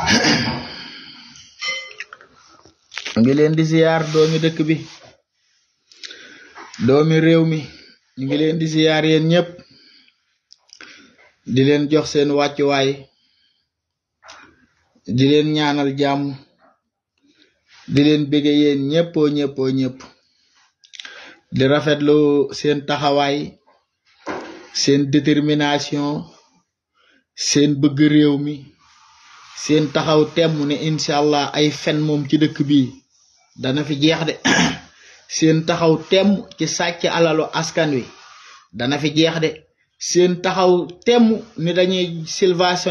ngi leen di ziyaar doomi dëkk bi doomi réew mi ñu ngi leen di siyaar yéen ñépp di leen jox seen wàccuwaay di leen ñaanal jàmm di leen bége yéen ñéppoo ñéppoo ñépp di rafetlu seen taxawaay seen détermination seen bëgg réew mi seen taxaw temm ne incha allah ay fen moom ci dëkk bi dana fi jeex de seen taxaw temm ci sàcc alalu askan wi dana fi jeex de seen taxaw temm ni dañuy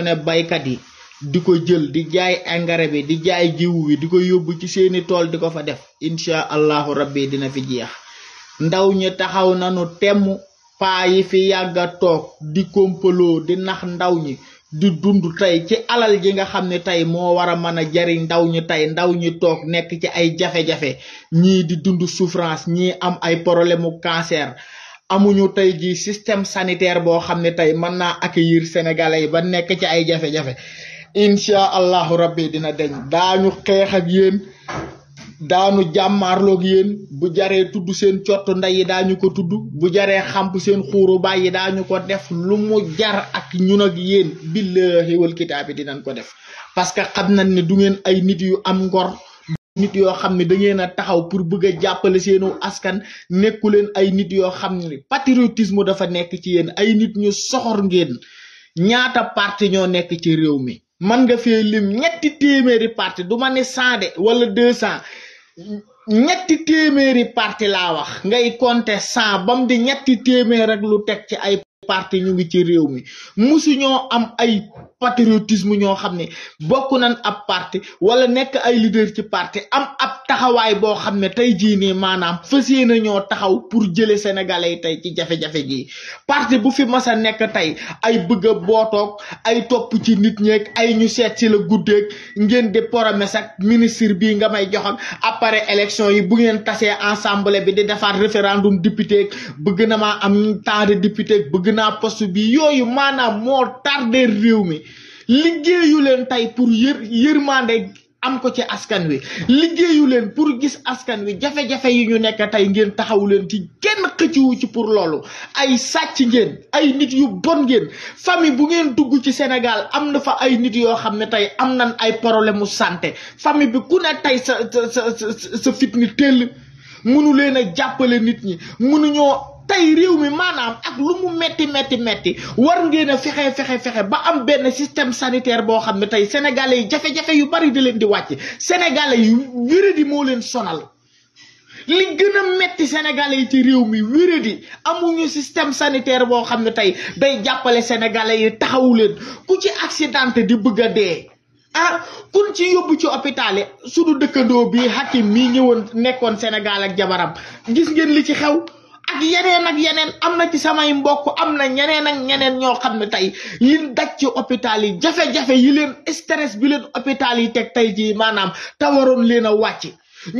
ne baykat yi di ko jël di jaay engrais bi di jaay jiw wi di ko yóbbu ci seeni tool di ko fa def incha allahu rabbi dina fi jeex ndaw ñi taxaw nanu temm paa yi fi yàgga toog di kompaloo di nax ndaw ñi di dund tey ci alal ji nga xam ne tey moo war a mën a jariñ ndaw ñi tey ndaw ñi toog nekk ci ay jafe-jafe ñii di dund souffrance ñii am ay problème mu cancer amuñu tey ji système sanitaire boo xam ne tey mën naa yiir sénégalais yi ba nekk ci ay jafe-jafe incha allahu rabbi dina deñ daañu xeex ak yéen daanu jàmmaarloog yéen bu jaree tudd seen cott ndey yi daañu ko tudd bu jaree xamp seen xuuru bàyyi daañu ko def lu mu jar ak ñun ak yéen billaahi wal kitaabi dinañ ko def parce que xam nañ ne du ngeen ay nit yu am ngor nit yoo xam ne da ngeen a taxaw pour bëgg jàppale seenu askan nekku leen ay nit yoo xam ne patriotisme dafa nekk ci yéen ay nit ñu soxor ngeen ñaata parti ñoo nekk ci réew mi man nga fee lim ñetti téeméeri parti du ma ne cent de wala deux cent ñetti téeméeri parti la wax ngay compter cent bam di ñetti téeméer lu teg ci ay partie ñu ngi ci réew mi musuñoo am ay patriotisme ñoo xam ne bokk nañ ab parti wala nekk ay leader ci parti am ab taxawaay boo xam ne tey jii nii maanaam fas yéene ñoo taxaw pour jële sénégalais yi tey ci jafe-jafe jii parti bu fi mas nekk tey ay bëgg a bootoog ay topp ci nit ñeeg ay ñu seet ci la guddeeg ngeen di promesse ak ministre bii nga may joxam après élection yi bu ngeen tasee ensemble bi di defaat référendum député bëgg na maa am temps de député bëgg naa post bi yooyu maanaam moo tardé réew mi liggéeyu leen tey pour yër yërmande am ko ci askan wi liggéeyu leen pour gis askan wi jafe-jafe yi ñu nekk tey ngeen taxaw leen ci genn xëcciwu ci pour loolu ay sàcc ngeen ay nit yu bon ngeen famille bu ngeen dugg ci Sénégal am na fa ay nit yoo xam ne tey am nan ay problème mu santé famille bi ku ne tey sa sa sa sa fit ni tëll mënu leen a jàppale nit ñi mënuñoo tey réew mi maanaam ak lu mu metti metti metti war ngeen fexe fexe fexe ba am benn système sanitaire boo xam ne tey sénégalais yi jafe-jafe yu bari di leen di wàcc sénégalais yi wéradi moo leen sonal li gën a sénégalais yi ci réew mi wéradi amuñu système sanitaire boo xam ne tey day jàppale sénégalais yi taxawu leen ku ci accidenté di bëgg a dee ah kun ci yóbbu ci hôpital yi sunu dëkkandoo bi Hakim mii ñëwoon nekkoon Sénégal ak jabaram gis ngeen li ci xew ak yeneen ak yeneen am na ci samay mbokk am na ñeneen ak ñeneen ñoo xam ne tey yin daj ci hôpital yi jafe-jafe yi leen stress bi leen hôpital yi teg tey jii maanaam tawaroon leen a wàcc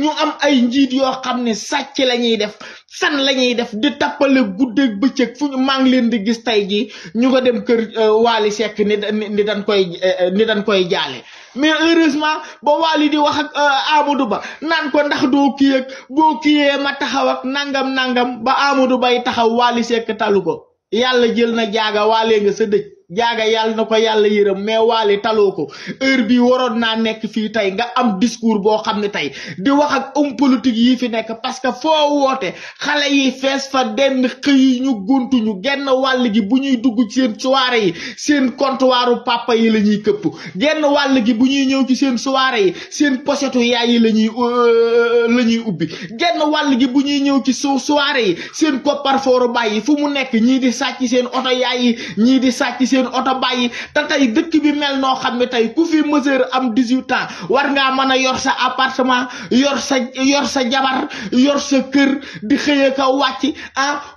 ñu am ay njiit yoo xam ne sàcc la ñuy def san lañuy def di tappale guddeeg bëccëg fu ñu maa ngi leen di gis tey jii ñu ko dem kër euh, Waly Seck ni ni dañ koy euh, ni dañ koy jaale mais heureusement ba Wally di wax ak euh, Amadou Ba naan ko ndax doo kii ak boo ma taxaw ak nangam nangam ba Amadou Bay taxaw Wally Seck talu ko yàlla jël na jaaga waalee nga sa dëj jaaga yàlla na ko yàlla yërëm mais waale taloo ko heure bi waroon naa nekk fii tey nga am discours boo xam ne tey di wax ak homme politique yi fi nekk parce que foo woote xale yi fees fa denn xëy ñu guntu genn wàll gi bu ñuy dugg ci seen soirée yi seen yi la ñuy këpp genn wàll gi bu ñuy ñëw ci seen soirée yi seen pochetu yaay yi la ñuy euh, euh, la ñuy ubbi genn wàll gi bu ñuy ñëw ci su soirée yi seen kopparfooru bàyyi fu mu nekk ñii di sàcc seen oto yaay ñii di sàcc seen seen oto bàyyi te tey dëkk bi mel noo xam ne tey ku fi mesure am 18 war ngaa mën a yor sa appartement yor sa yor sa jabar yor sa kër di xëye ka wàcc ah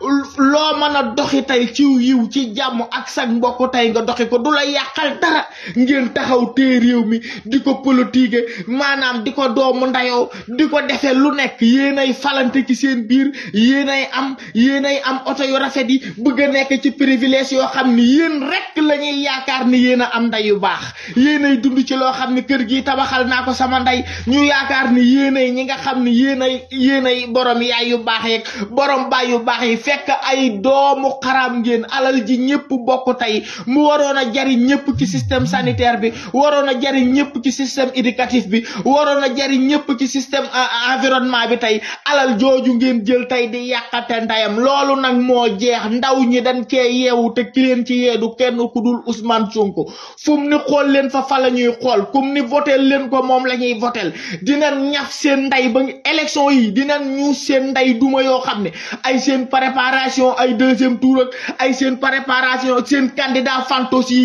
loo mën a doxi tey ciw yiw ci jàmm ak sa mbokk tey nga doxi ko du la yàqal dara ngeen taxaw tee réew mi di ko tiige maanaam di ko doomu ndayoo di ko defee lu nekk yéenay falante ci seen biir yéenay am yéenay am oto yu rafet yi bëgg a nekk ci privilège yoo xam ni yéen rek rek la ñuy yaakaar ni yéen a am ndey yu baax yéenay dund ci loo xam ni kër gi tabaxal naa ko sama nday ñu yaakaar ni yéenay ñi nga xam ni yéenay yéenay borom yaay yu baax yeeg borom baay yu baax yi fekk ay doomu xaraam ngeen alal ji ñëpp bokk tey mu waroon a jariñ ñëpp ci système sanitaire bi waroon a jariñ ñëpp ci système éducatif bi waroon a jariñ ñëpp ci système euh, euh, environnement bi tey alal jooju ngeen jël tey di yàqate ndayam loolu nag moo jeex ndaw ñi dañ cee yeewu te ki ci yeedu kenn kenn ku dul Ousmane Sonko fu mu ni xool leen fa fa la ñuy xool kum ni voteel leen ko moom la ñuy voteel dinañ ñaf seen ndey ba élection yi dinañ ñu seen ndey duma yoo xam ne ay seen préparation ay deuxième tour ay seen préparation seen candidat fantoos yi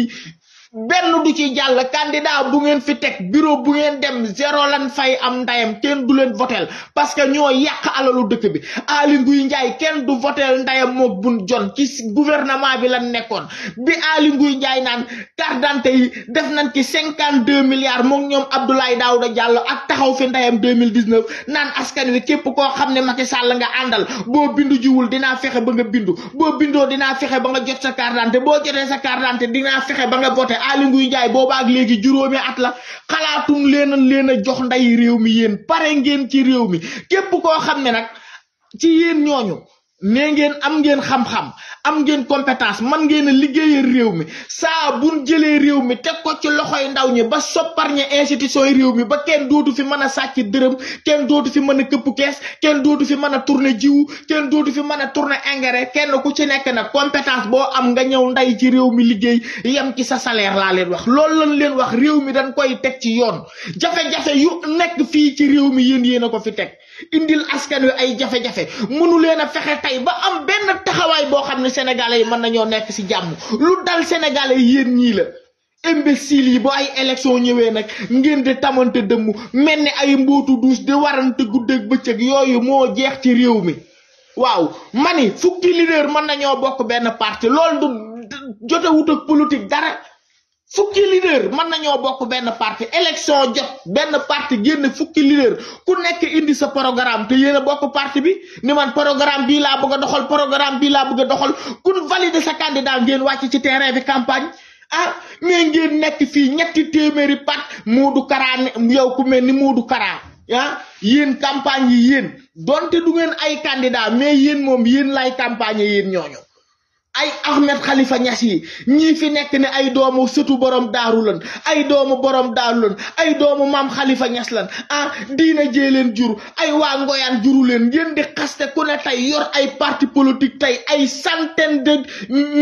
benn du ci jàll candidat bu ngeen fi teg bureau bu ngeen dem zéro lan fay am ndayam kenn du leen votel parce que ñoo yàq alalu dëkk bi Aly Ngouille njaay kenn du votel ndayam mook bu jon ci gouvernement bi lan nekkoon bi Aly nguy njaay naan carte d'identité yi def nañ ci cinquante deux milliards moom ñoom Abdoulaye Daouda Diallo ak taxaw fi ndayam deux mille dix-neuf naan askan wi képp koo xam ne Macky Sall nga àndal boo bindu jiwul dinaa fexe ba nga bindu boo bindoo dinaa fexe ba nga jot sa carte boo jotee sa carte d'identité dinaa ba nga voté nguy Ngouille Ndiaye boobaak léegi juróomi at la xalaatum leen leen a jox nday réew mi yéen pare ngeen ci réew mi képp ko xam ne nag ci yéen ñooñu nee ngeen am ngeen xam-xam am ngeen compétence man ngeen a liggéeyal réew mi saa buñ jëlee réew mi teg ko ci loxoy ndaw ñi ba sopparñe institution yi réew mi ba kenn dootu fi mën a sàcc dërëm kenn dootu fi mën a këpp kees kenn dootu fi mën a tourner jiwu kenn dootu fi mën a tourner engrais kenn ku ci nekk na compétence boo am nga ñëw nday ci réew mi liggéey yem ci sa salaire laa leen wax loolu lañ leen wax réew mi dañ koy teg ci yoon jafe-jafe yu nekk fii ci réew mi yéen yéen a ko fi teg indil askan wi ay jafe tey ba am benn taxawaay boo xam ne sénégalais yi mën nañoo nekk ci jàmm lu dal sénégalais yéen ñii la imbéciles yi bu ay élection ñëwee nag ngeen di tamante dëmm mel ni ay mbootu duus di warante guddeeg bëccëg yooyu moo jeex ci réew mi waaw mani fukki leader mën nañoo bokk benn parti lool du jotewut ak politique dara fukki leader man nañu bokk benn parti élection jot benn parti génn fukki leader ku nekk indi sa programme te yéen a bokk parti bi ni man programme bii laa bëgg a doxal programme bii laa bëgg a doxal ku valider sa candidat ngeen wàcc ci terrain bi campagne ah mais ngeen nekk fii ñetti téeméeri pat muudu karaa yow ku mel ni muudu karaa ah yéen campagne yi yeen donte du ngeen ay candidat mais yeen moom yeen lay campagne yeen ñooñu ay Ahmed xalifa ñas yi ñii fi nekk ne ay doomu sëtu borom daaru lan ay doomu borom daaru lan ay doomu maam xalifa Niass lan ah diina jee leen jur ay waa ngoyaan juru leen yéen di xaste ku ne tey yor ay parti politique tey ay centaine de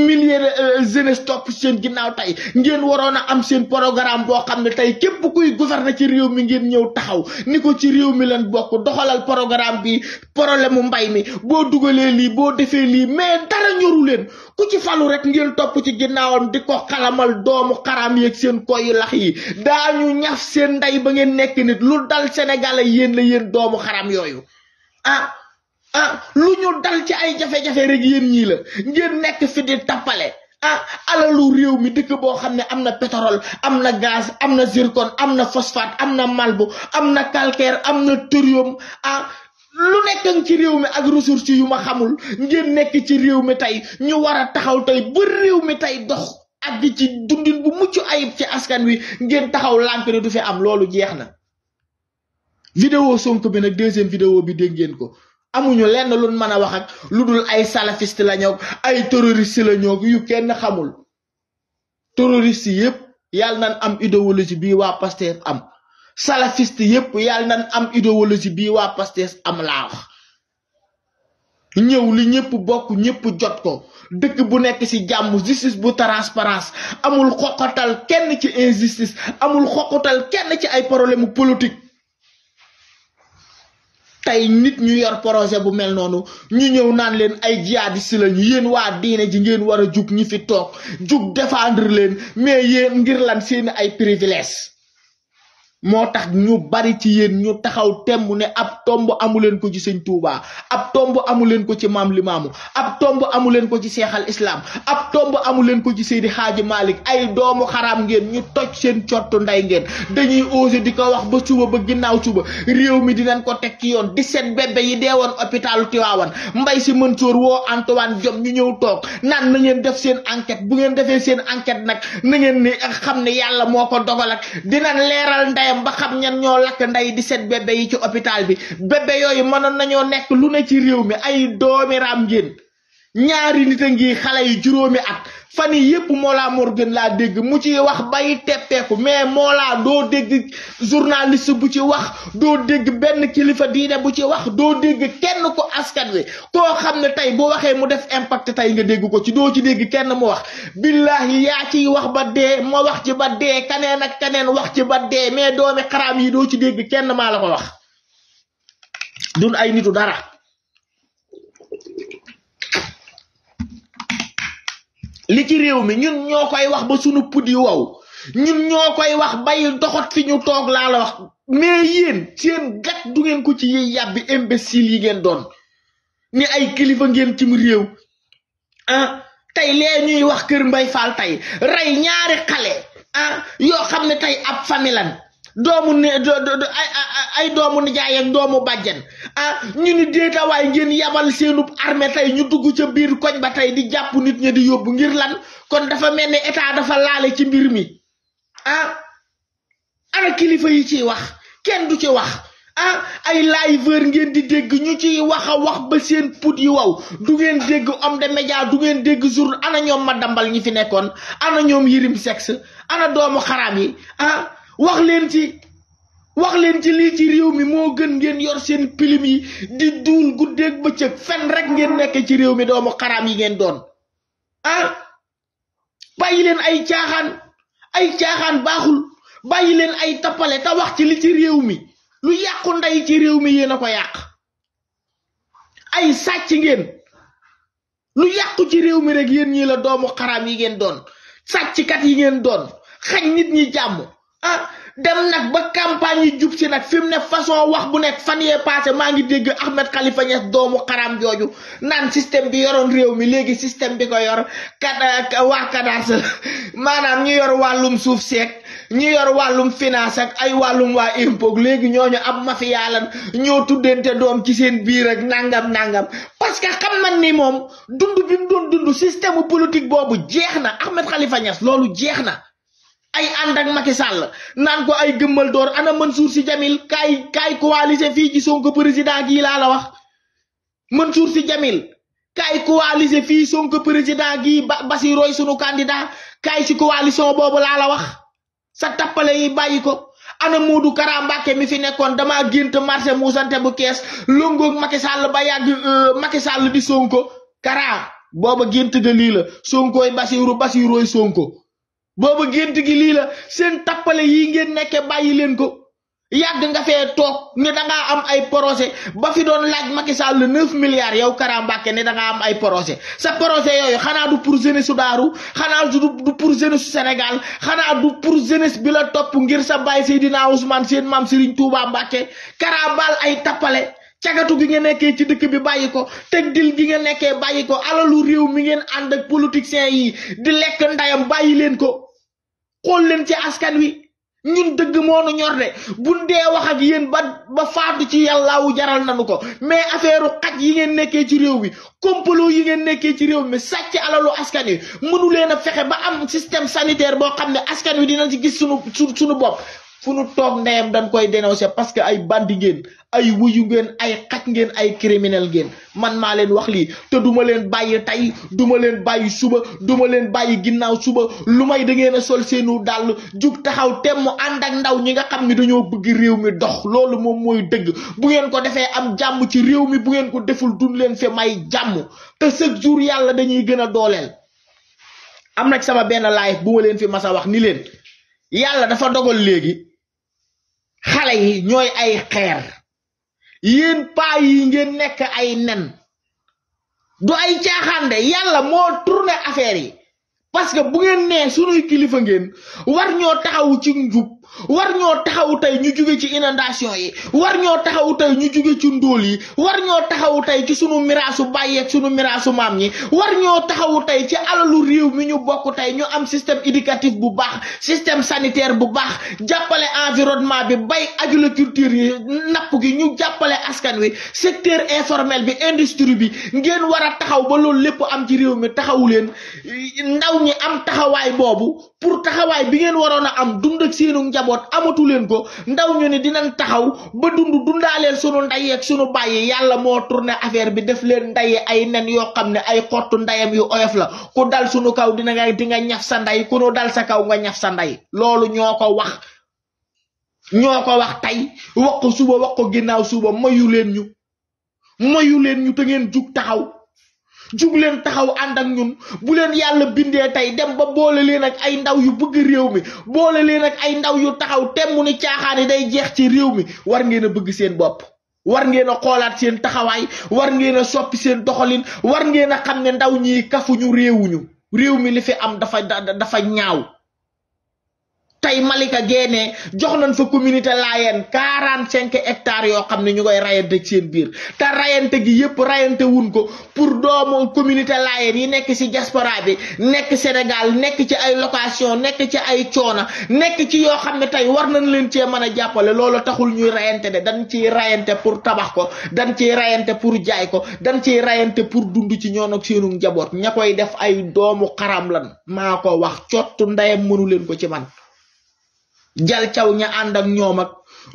milliers de euh, jeunesse topp seen ginnaaw tey ngeen waroon a am seen programme boo xam ne tey képp kuy gouverner ci réew mi ngeen ñëw taxaw ni ko ci réew mi lan bokk doxalal programme bi problème mu mbay mi boo dugalee lii boo defee lii mais dara ñoru leen ku ci falu rek ngeen topp ci ginnaawam di ko xalamal doomu xaram yeeg seen koy lax yi daañu ñaf seen ndey ba ngeen nekk nit lu dal sénégalais yéen la yéen doomu xaram yooyu ah ah lu ñu dal ci ay jafe-jafe rek yéen ñii la ngeen nekk fi di tappale ah alalu réew mi dëkk boo xam ne am na pétrole am na gaz am na zircon am na phosphate am na malbo am na calcaire am na thorium ah lu nekk ci réew mi ak ressources yu ma xamul ngeen nekk ci réew mi tey ñu war a taxaw tey ba réew mi tey dox ak ci dundin bu mucc ayib ci askan wi ngeen taxaw lànk ne du fi am loolu jeex na. vidéo Sonko bi nag deuxième vidéo bi dégg ngeen ko amuñu lenn lu mën a wax ak lu dul ay salafiste la ñoog ay terroriste la ñoog yu kenn xamul terroriste yépp yàlla nañ am idéologie bii waa Pastef am. salafiste yépp yàlla nan am idéologie bii waa Pastef am laa ñëw li ñëpp bokk ñëpp jot ko dëkk bu nekk ci jàmm justice bu transparence amul xoqatal kenn ci injustice amul xoqatal kenn ci ay problème politique tey nit ñu yor projet bu mel noonu ñu ñëw naan leen ay jihadiste lañu yéen waa diine ji ngeen war a jug ñi fi toog jug défendre leen mais yéen ngir lan seeni ay privilèges moo tax ñu bari ci yéen ñu taxaw temb ne ab tomb amuleen ko ci sëñ Tuubaa ab tomb amuleen ko ci maam limaamu ab tomb amuleen ko ci seexal islaam ab tomb amuleen ko ci Seydi Xaaji Malik ay doomu xaraam ngeen ñu toj seen cottu nday ngeen dañuy osé di ko wax ba suba ba ginnaaw suba réew mi di dinañ ko teg ci yoon 17 bébé yi deewoon hôpitalu Tiwaawan Mbay Si Mansour woo Antoine Diome ñu ñëw toog naan na ngeen def seen enquête bu ngeen defee seen enquête nag na ngeen ni xam ne yàlla moo ko dogal ndeyam ba xam ñan ñoo lakk ndey di set bébé yi ci hôpital bi bébé yooyu mënoon nañoo nekk lu ne ci réew mi ay doomi raam ñaari nit a ngi xale yi juróomi ak fan yi yëpp Mollah Morgun laa dégg mu ci wax bay teppeeku mais moo laa doo dégg journaliste bu ci wax doo dégg benn kilifa diine bu ci wax doo dégg kenn ko askan wi koo xam ne tey boo waxee mu def impact tey nga dégg ko ci doo ci dégg kenn mu wax billahi yaa ciy wax ba dee ma wax ci ba dee kaneen ak kaneen wax ci ba dee mais doomi xaraam yi doo ci dégg kenn maa la ko wax dun ay nitu dara li ci réew mi ñun ñoo koy wax ba sunu pud yu wow ñun ñoo koy wax bay doxat fi ñu toog laa la wax mee yen seen gat du ngeen ko ci yiy yàbbi imbécile yi ngeen doon ni ay kilifa ngeen cim réew ah tey lee ñuy wax kër Mbay Faal tey rey ñaari xale ah yoo xam ne tey ab famille lan doomu ne ay ay doomu nijaay ak doomu badjan ah ñu ni deeta way ngeen yabal seenu armée tay ñu dugg ci biir koñ ba tay di japp nit ñi di yobbu ngir lan kon dafa melni état dafa laalé ci biir mi ah ana kilifa yi ci wax kenn du ci wax ah ay liveur ngeen di deg ñu ci waxa wax ba seen put yi waw du ngeen deg homme de média du ngeen deg jour ana ñom ma dambal ñi fi nekkon ana ñom yirim sexe ana doomu kharam yi ah wax leen ci wax leen ci lii ci réew mi moo gën ngeen yor seen pilim yi di duul guddeeg bëccëg fen rek ngeen nekk ci réew mi doomu xaraam yi ngeen doon ah leen ay caaxaan leen ay tappale te ci li ci réew mi lu yàqu ndey ci réew mi yéen a ko yàq ay sàcc ngeen lu yàqu ci réew mi rek yéen ñii la doomu xaraam yi ngeen doon sàcckat yi ngeen doon xañ nit ñi jàmm ah dem nak ba campagne djub ci nak fim ne façon wax bu nek fan passé ma ngi dégg ahmed khalifa ñes doomu kharam joju nan système bi yoron réew mi légui système bi ko yor kada waa kadaas manam ñu yor walum souf sek ñi yor walum finance ak ay walum wa impog légui ñoñu ab mafia lan ñoo tuddente doom ci seen biir rek nangam nangam parce que xam man ni mom dund bi mu don dund système politique bobu jeexna ahmed khalifa ñes lolu jeexna ay and ak Macky Sall nan ko ay gëmmal door ana Mansour si Jamil kay kay coaliser fi ci Sonko président gi la la wax Mansour si Jamil kay coaliser fi Sonko président gi Roy sunu candidat kay ci coalition bobu la la wax sa tapale yi bayiko ana modou karambake mi fi nekkon dama gint marché musante bu kess longo Macky Sall ba yag euh, Macky Sall di Sonko kara boba gintu de li la Sonko ay sungko. Sonko booba gént gi lii la seen tappale yi ngeen nekke bàyyi leen ko yàgg nga fee toog ne dangaa am ay projet ba fi doon laaj Macky Sall le neuf milliards yow Kara Mbacké ne dangaa am ay projet sa projet yooyu xanaa du pour jeunesse su daaru xanaa du pour jeunesse su Sénégal xanaa du pour jeunesse bi la topp ngir sa baay Seydina Ousmane seen maam Serigne Touba Mbacké Kara baal ay tappale cagatu gi nga nekkee ci dëkk bi bàyyi ko teg dil gi nga nekkee bàyyi ko alalu réew mi ngeen ànd ak politiciens yi di lekk ndayam bàyyi leen ko xool leen ci askan wi ñun dëgg nu ñor de buñ dee wax ak yéen ba ba faatu ci yàllaawu jaral nañu ko mais affaire xaj yi ngeen nekkee ci réew mi complot yi ngeen nekkee ci réew mi sàcc alalu askan wi mënu leen a fexe ba am système sanitaire boo xam ne askan wi dinañ ci gis sunu su suñu bopp fu nu toog ndeyam dañ koy dénoncer parce que ay bandi ngeen ay wuyu ngeen ay xaj ngeen ay criminel ngeen man maa leen wax lii te duma leen bàyyi tey duma leen bàyyi suba duma leen bàyyi ginnaaw suba lu may dangeen a sol seenu dàll jug taxaw temm ànd ak ndaw ñi nga xam ni dañoo bëgg réew mi dox loolu moom mooy dëgg bu ngeen ko defee am jàmm ci réew mi bu ngeen ko deful dun leen fi may jàmm te chaque jour yàlla dañuy gën a dooleel am nag sama benn live bu fi mas wax ni leen yàlla dafa dogal léegi xalé yi ñoy ay xeer yeen pa yi ngeen nek ay nen du ay caaxaan de yàlla moo tourné affaire yi parce que bu ngeen né suñu kilifa ngeen war ñoo taxaw ci njub war ñoo taxawu tey ñu jóge ci inondation yi war ñoo taxawu tey ñu jóge ci ndóol yi war ñoo taxawu tey ci sunu miraasu bàyyi ak sunu miraasu maam ñi war ñoo taxawu tey ci alalu réew mi ñu bokk tey ñu am système éducatif bu baax système sanitaire bu baax jàppale environnement bi bay agriculture yi napp gi ñu jàppale askan wi secteur informel bi industrie bi ngeen war a taxaw ba loolu lépp am ci réew mi taxawu leen ndaw ñi am taxawaay boobu pour taxawaay bi ngeen waroon a am dund ak seenu njaboot amatu leen ko ndaw ñu ne dina taxaw ba dund dundaaleel sunu ndey ak sunu bàyyi yàlla moo tourné affaire bi def leen ndey ay nen yoo xam ne ay xottu ndeyam yu oyof la ku dal sunu kaw dina nga di ñaf sa nday ku dal sa kaw nga ñaf sa nday loolu ñoo ko wax ñoo ko wax tey wax ko suba wax ko ginnaaw suuba mayu leen ñu mayu leen ñu te ngeen jug taxaw jug leen taxaw ànd ak ñun bu leen yàlla bindee tey dem ba boole leen ak ay ndaw yu bëgg réew mi boole leen ak ay ndaw yu taxaw temm ni caaxaan day jeex ci réew mi war ngeen a bëgg seen bopp. war ngeen a xoolaat seen taxawaay war ngeen a soppi seen doxalin war ngeen a xam ne ndaw ñi kafuñu réewuñu réew mi li fi am dafa dafa ñaaw. tey Malika Géné jox nañ fa communauté Layène quarante cinq hectares yoo xam ne ñu koy rayante ci seen biir te rayante gi yëpp rayante wun ko pour doomu communauté Layène yi nekk ci diaspora bi nekk Sénégal nekk ci ay location nekk ci ay coona nekk ci yoo xam ne tey war nañ leen cee mën a jàppale loolo taxul ñuy reyante de dañ ciy rayante pour tabax ko dañ ciy rayante pour jaay ko dañ ciy rayante pour dund ci ñoo ak seenu njaboot ña koy def ay doomu xaram lan maa ko wax cottu ndeyam mënu leen ko ci man jal caw ña ànd ak ñoom ak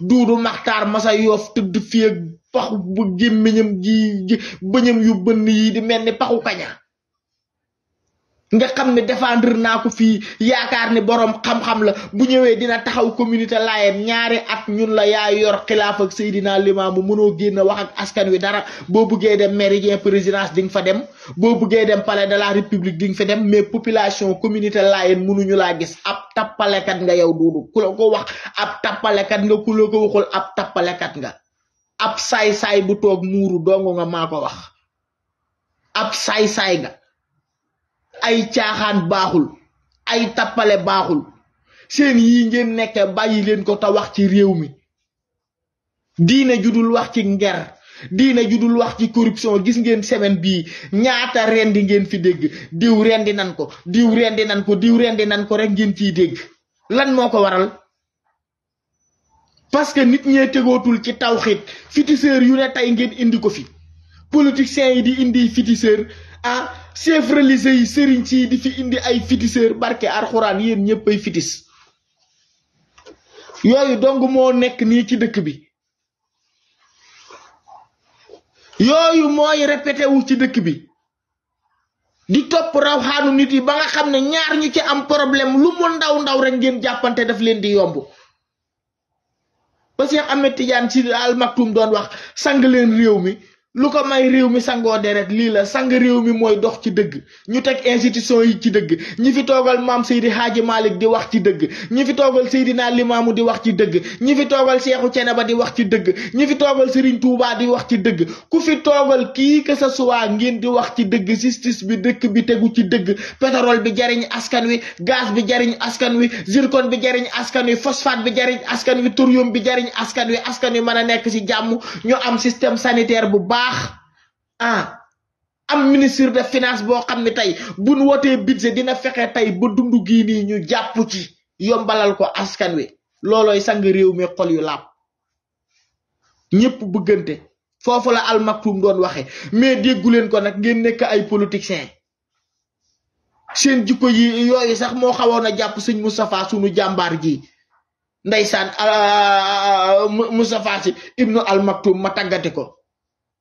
duudu maxtaar masa yoof tëdd fi ak paxu bu gémmiñam gi bëñam yu bënn yi di mel ni paxu kaña nga xamne défendre nako fi yaakar ni borom xam xam la bu ñëwé dina taxaw communauté layem ñaari at ñun la ya yor khilaf ak sayidina limam mëno genn wax ak askan wi dara bo bëggé dem méridien présidence ding fa dem bo bëggé dem palais de la république ding fa dem mais population communauté layem mënu ñu la gis ab tapalé kat nga yow dudu ku ko wax ab tapalé kat nga ku ko waxul ab tapalé kat nga ab say say bu tok muru dongo nga mako wax ab say say nga ay tiaxan baxul ay tapale baxul seen yi ngeen nekke bàyyi leen ko te wax ci diine judul wax ci nger diine judul wax ci corruption gis ngeen semaine bi ñaata rendi ngeen fi deg diw rendi nan ko diw rendi nan ko diw rendi nan ko rek ngeen ci deg lan moko waral parce que nit ñe tegootul ci tawxit fitisseur yu ne tay ngeen indi ko fi politiciens yi di indi fitisseur A ah, chef religieux yi serigne ci di fi indi ay fitisseur barke alcorane yeen ñëpp ay fitis yoyu dong mo nek ni ci dëkk bi yoyu moy répété wu ci dëkk bi di top rawhanu nit yi ba nga xamné ne ñaar ñu ci am problème lu mo ndaw ndaw rek ngeen jappanté daf leen di yomb ba cheikh ahmed tidiane ci al maktoum doon wax sang leen rew mi lu ko may réew mi sangoo deret lii la sang réew mi mooy dox ci dëgg ñu teg institution yi ci dëgg ñi fi toogal maam Seydi Hadji Malick di wax ci dëgg ñi fi toogal Seydina Limaamu di wax ci dëgg ñi fi toogal Seexu Ceneba di wax ci dëgg ñi fi toogal Serigne Touba di wax ci dëgg ku fi toogal kii que ce soit ngeen di wax ci dëgg justice bi dëkk bi tegu ci dëgg pétrole bi jariñ askan wi gaz bi jariñ askan wi zircon bi jariñ askan wi phosphate bi jariñ askan wi thorium bi jariñ askan wi askan wi mën a nekk ci jàmm ñu am système sanitaire bu baax baax am ministre de finance boo xam ne tey bu nu wootee budget dina fexe tey ba dund gii nii ñu jàpp ci yombalal ko askan wi loolooy sang réew mi xool yu làpp ñëpp buggante foofu la almaktum doon waxe mais déggu leen ko nag ngeen nekk ay politiciens seen jikko yi yooyu sax moo xawoon a jàpp sëñ Moustapha sunu jàmbaar ji ndeysaan ah, ah, ah, Moustapha si ibnu almaktum ma tàggate ko.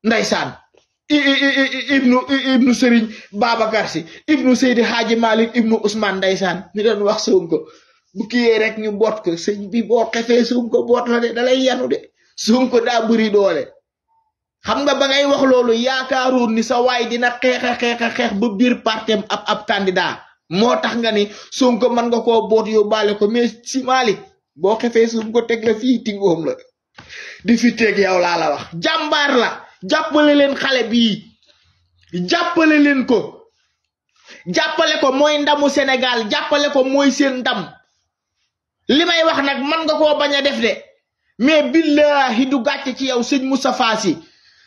ndaysan ibnu ibnu serigne Baba si ibnu seydi haji malik ibnu Usman ndaysan ni don wax sonko bu kiyee rek ñu bot ko sëñ bi boo xefee sonko bot la de dalay yanu de sonko da bëri doole xam nga ba ngay wax lolu yaakaaru ni sa way dina xex xex xex bu bir partem ab ab candidat motax nga ni sonko man nga bot yu balé ko mais si malik boo xefee sonko teg la fi tingoom la di fi teeg yow la la wax jambar la jàppale leen xale bii jàppale leen ko jàppale ko mooy ndamu Sénégal jàppale ko mooy seen ndam li may wax nag man nga koo bañ a def de mais billahi du gàcc ci yow sëñ Moustapha Sy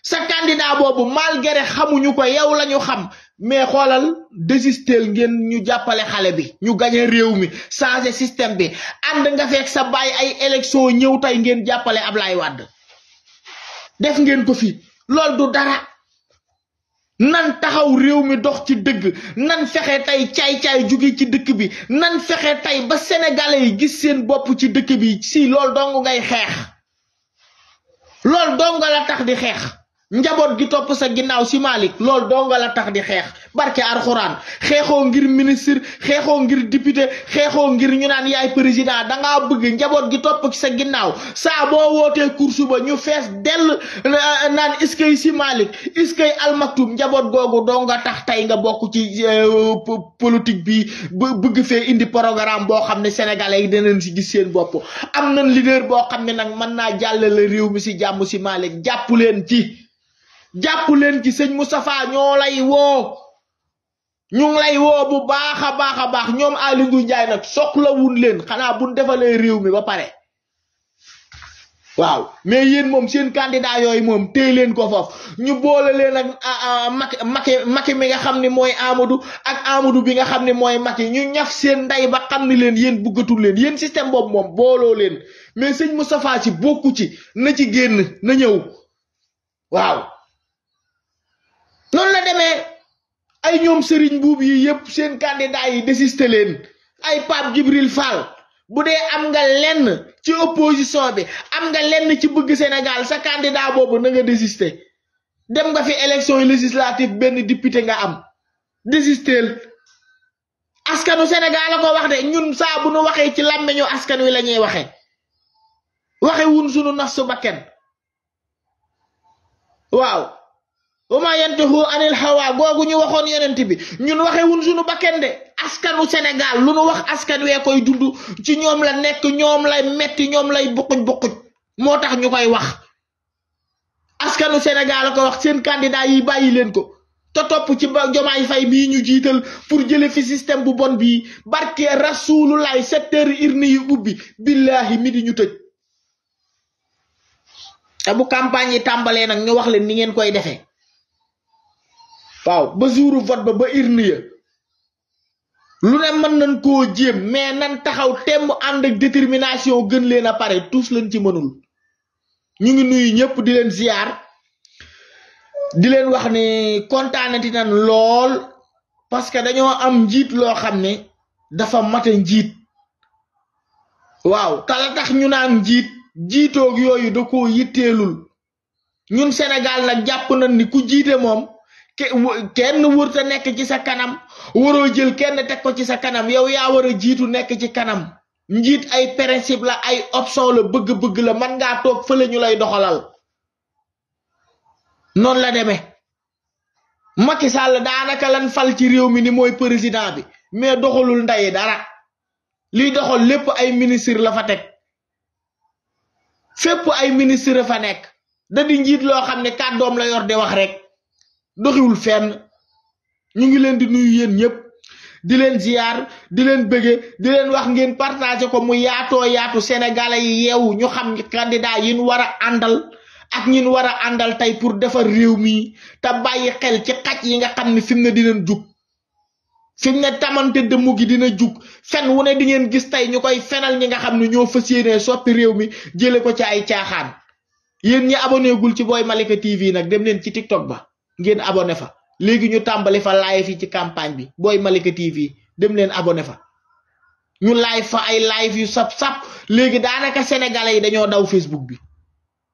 sa candidat boobu malgré xamuñu ko yow lañu xam mais xoolal désisteel ngeen ñu jàppale xale bi ñu gañe réew mi changé système bi ànd nga fekk sa baay ay élection ñëw tey ngeen jàppale Ablaye Wade def ngeen ko fi loolu du dara nan taxaw réew mi dox ci dëgg nan fexe tey caay-caay jóge ci dëkk bi nan fexe tey ba sénégalais yi gis seen bopp ci dëkk bi si lool dong ngay xeex loolu dong la tax di xeex njabot gi top sa ginnaw si malik do nga la tax di xex barke alquran xexo ngir ministre xexo ngir député xexo ngir ñu naan yaay président da nga bëgg njabot gi top ci sa ginnaw sa bo wote kursu ba ñu fess del naan iskay si malik iskay almaktum gogu do nga tax tay nga bok ci euh, politique bi bëgg fe indi programme bo xamne sénégalais yi danañ ci gis seen bop am nañ leader bo xamne nak man na jallale réew mi si jamm si malik jàpp leen ci jàpp leen ci sëñ Moustapha ñoo lay woo ñu ngi lay woo bu baax a baax a baax ñoom Aly Ngouille Ndiaye nag soxlawul leen xanaa buñ defalee réew mi ba pare waaw mais yéen moom seen candidat yooyu moom téy leen ko foofu ñu boole leen ak ah, ah, Macky Macky mi nga xam ni mooy Amadou ak amadu bi nga xam ne mooy Macky ñu ñaf seen nday ba xam ne leen yéen buggatul leen yéen système boobu moom booloo leen mais sëñ Moustapha ci bokku ci na ci génn na ñëw waaw noonu la demee ay ñoom sëriñ buub yi yëpp seen candidat yi désisté leen ay Pape Djibril Fall bu dee am nga lenn ci opposition bi am nga lenn ci bëgg Sénégal sa candidat boobu na nga désisté dem nga fi élection législative benn député nga am désistéel askanu Sénégal la ko wax de ñun saa nu waxee ci làmmeñu askan wi la ñuy waxe waxe wun sunu nax su bakken waaw wama yantahu anil hawa gogu ñu waxon yenen bi ñun waxe wun suñu bakende askanu senegal lu nu wax askan we koy dundu ci ñom la nek ñom lay metti ñom lay bokkuj bokkuj motax ñukoy wax askanu senegal ko wax seen candidat yi bayyi len ko te top ci jomay fay bi ñu jital pour jëlé fi système bu bon bi barke rasulullah secteur irni yu ubi billahi midi ñu tej abu campagne tambalé nak ñu wax le ni ngeen koy defé Wow, ba jouru vote ba ba irni ya lu ne mën nañ koo jéem mais nan taxaw temm ànd ak détermination gën leen a pare tous lañ ci mënul ñu ngi nuyu ñëpp di leen ziar di leen wax ne kontaanati nan lool parce que dañoo am njiit loo xam ne dafa mate njiit waaw tala tax ñu naan njiit jiitoog yooyu da koo yitteelul ñun sénégal nag jàpp nañ ni ku jiite moom kenn wërta nekk ci sa kanam waroo jël kenn teg ko ci sa kanam yow yaa war a jiitu nekk ci kanam njiit ay principe la ay option la bëgg-bëgg la man ngaa toog fële ñu lay doxalal noonu la demee Macky Sall daanaka lan fal ci réew mi ni mooy président bi mais doxalul ndey dara liy doxal lépp ay ministre la fa teg fépp ay ministre fa nekk da njiit loo xam ne kàddoom la yor di wax rek doxiwul fenn ñu ngi leen di nuyu yéen ñëpp di leen ziyaar di leen bëgge di leen wax ngeen partagé ko mu yaatoo yaatu sénégalais yi yeewu ñu xam candidat yi ñu war a àndal ak ñin war a àndal tey pour defar réew mi te bàyyi xel ci xaj yi nga xam ne fi mu di leen jug fi mu ne tamante dëmm gi dina jug fenn wu ne di ngeen gis tey ñu koy fenal ñi nga xam ne ñoo fas yéenee soppi réew mi jële ko ci ay caaxaan yéen ñi abonné gul ci Boy Malika TV nag dem leen ci TikTok ba ngeen abonné fa léegi ñu tàmbali fa live yi ci campagne bi booy Malika TV dem leen abonné fa ñu live fa ay live yu sap sap léegi daanaka sénégalais yi dañoo daw Facebook bi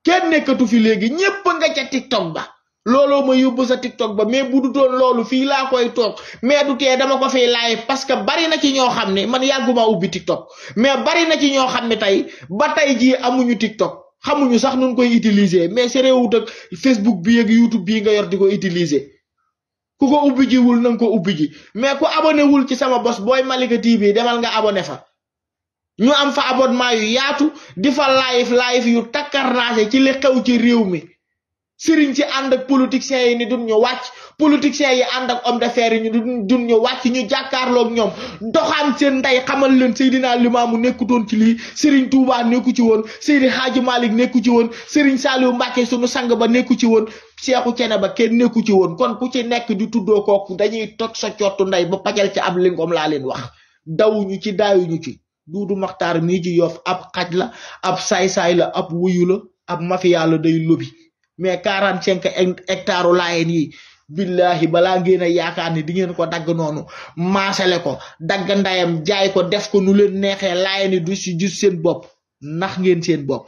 kenn nekkatu fi léegi ñépp nga ca TikTok ba looloo ma yóbbu sa TikTok ba mais bu du doon loolu fii laa koy toog mais du tee dama ko fi live parce que bari na ci ñoo xam ne man yàgguma ubbi TikTok mais bari na ci ñoo xam ne tey ba tey jii amuñu TikTok. xamuñu sax nun koy utiliser mais serewut ak Facebook bi ak YouTube bii nga yor di ko utiliser ku ko ubbi jiwul na ko ubbiji ji mais ku abonné wul ci sama bos Boy Malika TV demal nga abone fa ñu am fa abonnement yu yaatu di fa live live yu takkarnaase ci li xew ci réew mi sëriñ si ànd ak politiciens yi ni duñ ñu wàcc politiciens yi ànd ak homme d'affaires yi ñu duñ wàcc ñu jàkkaarloog ñoom doxaan seen ndey xamal leen Seydina Limaamu nekkutoon ci lii sëriñ Tuubaa nekku ci woon Seydi Haaji nekku ci woon sëriñ Saaliw Mbàkke sunu sang ba nekku ci woon Seexu Cene ba kenn nekku ci woon kon ku ci nekk di tuddoo kooku dañuy toj sa cottu ndey ba pajal ci ab lingom laa leen wax dawuñu ci daayuñu ci Duudu Maxtaar mii ji Yoff ab xaj la ab saay-saay la ab wuyu la ab mafia la day mais quarante cinq hectare hectares laayeen yi billahi balaa ngeen a yaakaar ni di ngeen ko dagg noonu maasale ko dagg ndayam jaay ko des ko nu leen neexee laayeen du si gis seen bopp nax ngeen seen bopp